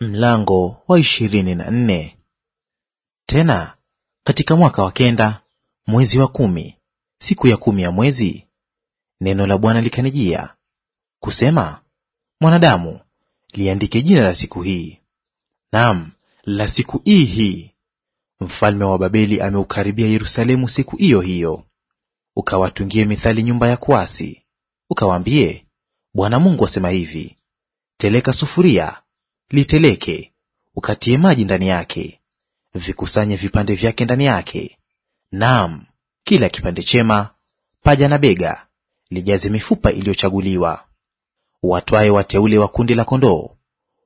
Mlango wa ishirini na nne. Tena katika mwaka wa kenda mwezi wa kumi siku ya kumi ya mwezi neno la Bwana likanijia kusema, mwanadamu, liandike jina la siku hii, naam, la siku hii hii, mfalme wa Babeli ameukaribia Yerusalemu siku hiyo hiyo. Ukawatungie mithali nyumba ya kuasi, ukawaambie, Bwana Mungu asema hivi, teleka sufuria Liteleke, ukatie maji ndani yake, vikusanye vipande vyake ndani yake, naam, kila kipande chema, paja na bega, lijaze mifupa iliyochaguliwa. Watwaye wateule wa kundi la kondoo,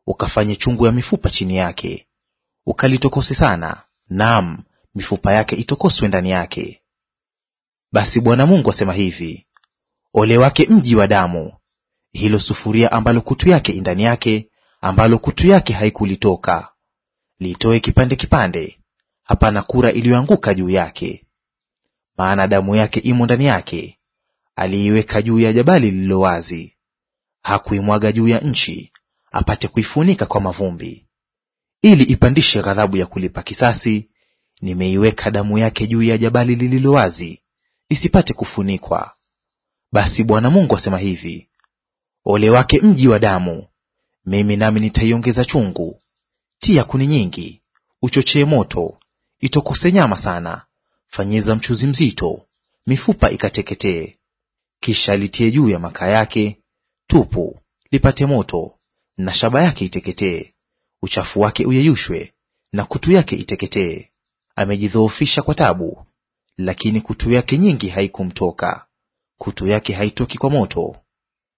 ukafanye chungu ya mifupa chini yake, ukalitokose sana, naam, mifupa yake itokoswe ndani yake. Basi Bwana Mungu asema hivi: Ole wake mji wa damu, hilo sufuria ambalo kutu yake indani yake ambalo kutu yake haikulitoka. Litoe kipande kipande, hapana kura iliyoanguka juu yake. Maana damu yake imo ndani yake, aliiweka juu ya jabali lililo wazi. Hakuimwaga juu ya nchi apate kuifunika kwa mavumbi, ili ipandishe ghadhabu ya kulipa kisasi. Nimeiweka damu yake juu ya jabali lililo wazi, isipate kufunikwa. Basi Bwana Mungu asema hivi: ole wake mji wa damu mimi nami nitaiongeza chungu. Tia kuni nyingi, uchochee moto, itokose nyama sana, fanyiza mchuzi mzito, mifupa ikateketee. Kisha litie juu ya makaa yake tupu, lipate moto, na shaba yake iteketee, uchafu wake uyeyushwe, na kutu yake iteketee. Amejidhoofisha kwa tabu, lakini kutu yake nyingi haikumtoka; kutu yake haitoki kwa moto.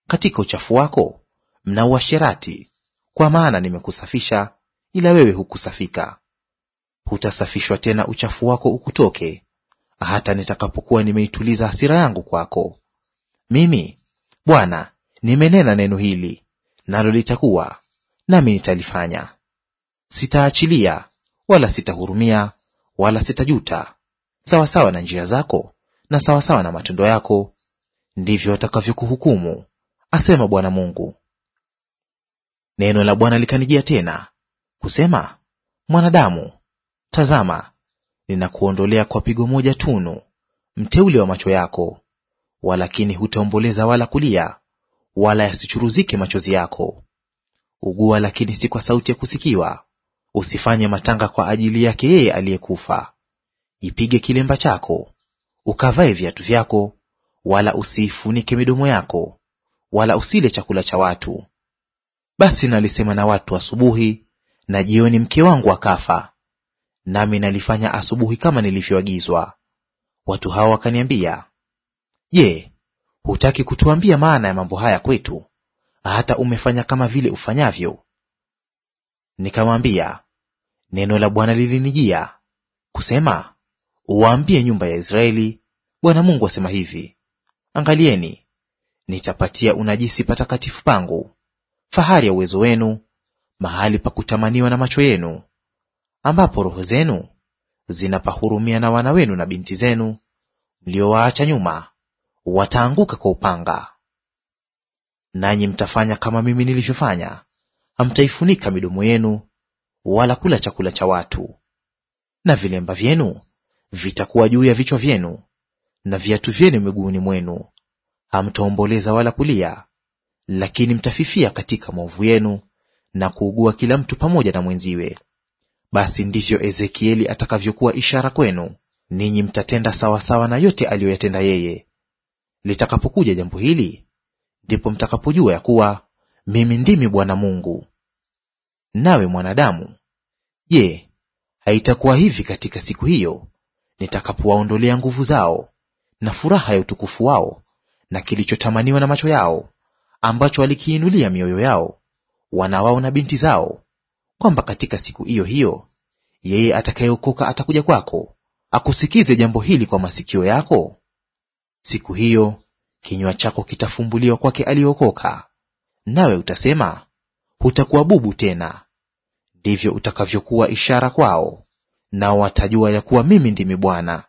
Katika uchafu wako mna uasherati, kwa maana nimekusafisha, ila wewe hukusafika. Hutasafishwa tena, uchafu wako ukutoke, hata nitakapokuwa nimeituliza hasira yangu kwako. Mimi Bwana nimenena neno hili, nalo litakuwa, nami nitalifanya. Sitaachilia wala sitahurumia wala sitajuta. Sawasawa na njia zako na sawasawa na matendo yako ndivyo watakavyokuhukumu, asema Bwana Mungu. Neno la Bwana likanijia tena kusema, mwanadamu, tazama, ninakuondolea kwa pigo moja tunu mteule wa macho yako, walakini hutaomboleza wala kulia, wala yasichuruzike machozi yako. Ugua lakini si kwa sauti ya kusikiwa, usifanye matanga kwa ajili yake yeye aliyekufa. Ipige kilemba chako, ukavae viatu vyako, wala usiifunike midomo yako, wala usile chakula cha watu, basi nalisema na watu asubuhi, na jioni mke wangu akafa, nami nalifanya asubuhi kama nilivyoagizwa. Watu hawa wakaniambia, Je, hutaki kutuambia maana ya mambo haya kwetu, hata umefanya kama vile ufanyavyo? Nikamwambia, neno la Bwana lilinijia kusema, uwaambie nyumba ya Israeli, Bwana Mungu asema hivi, angalieni, nitapatia unajisi patakatifu pangu fahari ya uwezo wenu, mahali pa kutamaniwa na macho yenu, ambapo roho zenu zinapahurumia na wana wenu na binti zenu mliowaacha nyuma wataanguka kwa upanga. Nanyi mtafanya kama mimi nilivyofanya, hamtaifunika midomo yenu wala kula chakula cha watu. Na vilemba vyenu vitakuwa juu ya vichwa vyenu, na viatu vyenu miguuni mwenu; hamtaomboleza wala kulia, lakini mtafifia katika maovu yenu na kuugua kila mtu pamoja na mwenziwe. Basi ndivyo Ezekieli atakavyokuwa ishara kwenu, ninyi mtatenda sawasawa na yote aliyoyatenda yeye. Litakapokuja jambo hili, ndipo mtakapojua ya kuwa mimi ndimi Bwana Mungu. Nawe mwanadamu, je, haitakuwa hivi katika siku hiyo nitakapowaondolea nguvu zao na furaha ya utukufu wao na kilichotamaniwa na macho yao, ambacho walikiinulia mioyo yao wana wao na binti zao, kwamba katika siku hiyo hiyo yeye atakayeokoka atakuja kwako, akusikize jambo hili kwa masikio yako? Siku hiyo kinywa chako kitafumbuliwa kwake aliyeokoka, nawe utasema, hutakuwa bubu tena. Ndivyo utakavyokuwa ishara kwao, nao watajua ya kuwa mimi ndimi Bwana.